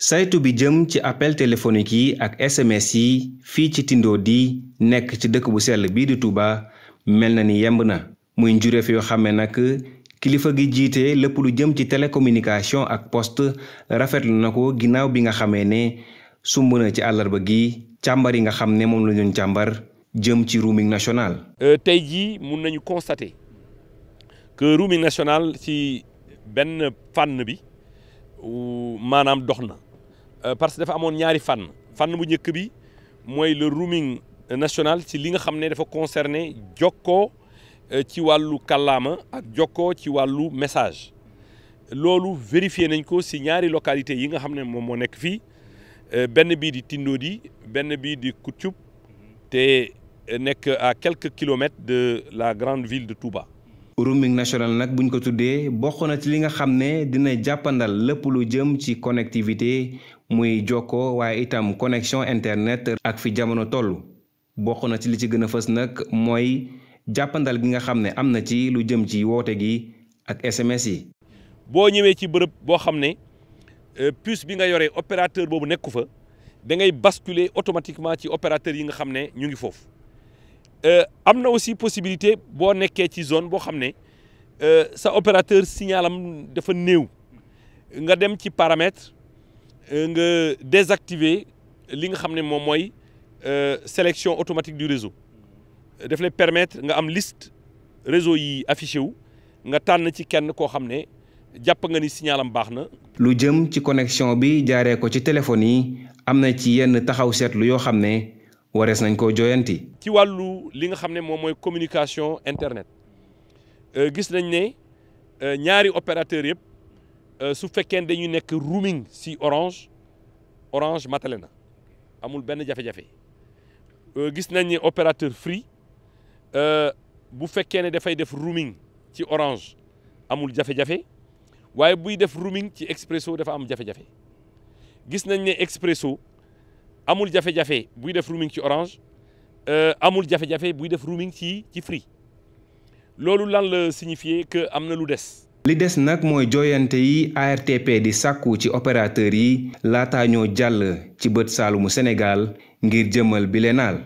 saytu bi jëm ci appel téléphonique yi ak SMS yi fii ci tindoo di nekk ci dëkk bu sell bii di Touba mel na ni yemb na muy njureef yoo xam ne nag kilifa gi jiite lépp lu jëm ci télécommunication ak post rafetlu na ko ginnaaw bi nga xamee ne sumb na ci àllarba gi càmbar yi nga xam ne moom la ñu càmbar jëm ci roaming national. Euh, tey jii mun nañu constater que roaming national ci benn fànn bi maanaam dox na. Euh, parce que dafa amoon ñaari fànn fànn bu njëkk bi mooy le roaming national ci li nga xam ne dafa concerné jokkoo euh, ci wàllu kallaama ak jokkoo ci wàllu message loolu vérifié nañ ko si ñaari localité yi nga xam ne moom moo nekk fii euh, benn bii di di benn bii di Koutchoub te nekk à quelque kilomètres de la grande ville de Touba roaming national nag ñu ko tuddee bokk na ci li nga xam ne dina jàppandal lépp lu jëm ci connectivité muy jokko waaye itam connexion internet ak fi jamono toll bokk na ci li ci gën a fës nag mooy jàppandal gi nga xam ne am na ci lu jëm ci woote gi ak SMS yi. boo ñëwee ci bërëb boo xam ne euh, puce bi nga yore opérateur boobu nekku fa da ngay basculer automatiquement ci opérateur yi nga xam ne ñu ngi foofu. Euh, am na aussi possibilité boo nekkee ci zone boo xam ne euh, sa opérateur signalam dafa néew nga dem ci paramètre euh, nga désactiver li nga xam ne moom mooy sélection automatique du réseau daf lay permettre nga am list réseau yi affiché wu nga tànn ci kenn koo xam ne jàpp nga ni signalam baax na. lu jëm ci connexion bi jaaree ko ci téléphone yi am na ci yenn taxaw seetlu yoo xam ne. warees nañ koo joyanti. ci wàllu li nga xam ne moom mooy communication internet euh, gis nañ ne euh, ñaari opérateur yëpp euh, su fekkee dañu nekk roaming si orange orange matale na amul benn jafe-jafe gis nañ ne opérateur free bu fekkee ne dafay def roaming ci orange amul jafe-jafe waaye buy def roaming ci expresso dafa am jafe-jafe gis nañ ne expresso amul jafe-jafe buy def roaming ci orange euh, amul jafe-jafe buy def roaming ci ci free loolu lan la signifier que am na lu des. li des nag mooy joyante yi ARTP di sàkku ci opérateur yi laataa ñoo jàll ci bët saalumu senegal ngir jëmal bile naal.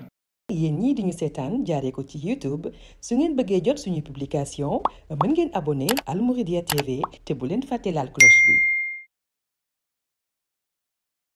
yéen ñii di ñu seetaan jaaree ko ci YouTube su ngeen bëggee jot suñu publication mën ngeen abonné Al Mouridiyyah TV te bu leen fàtte laal cloche bi.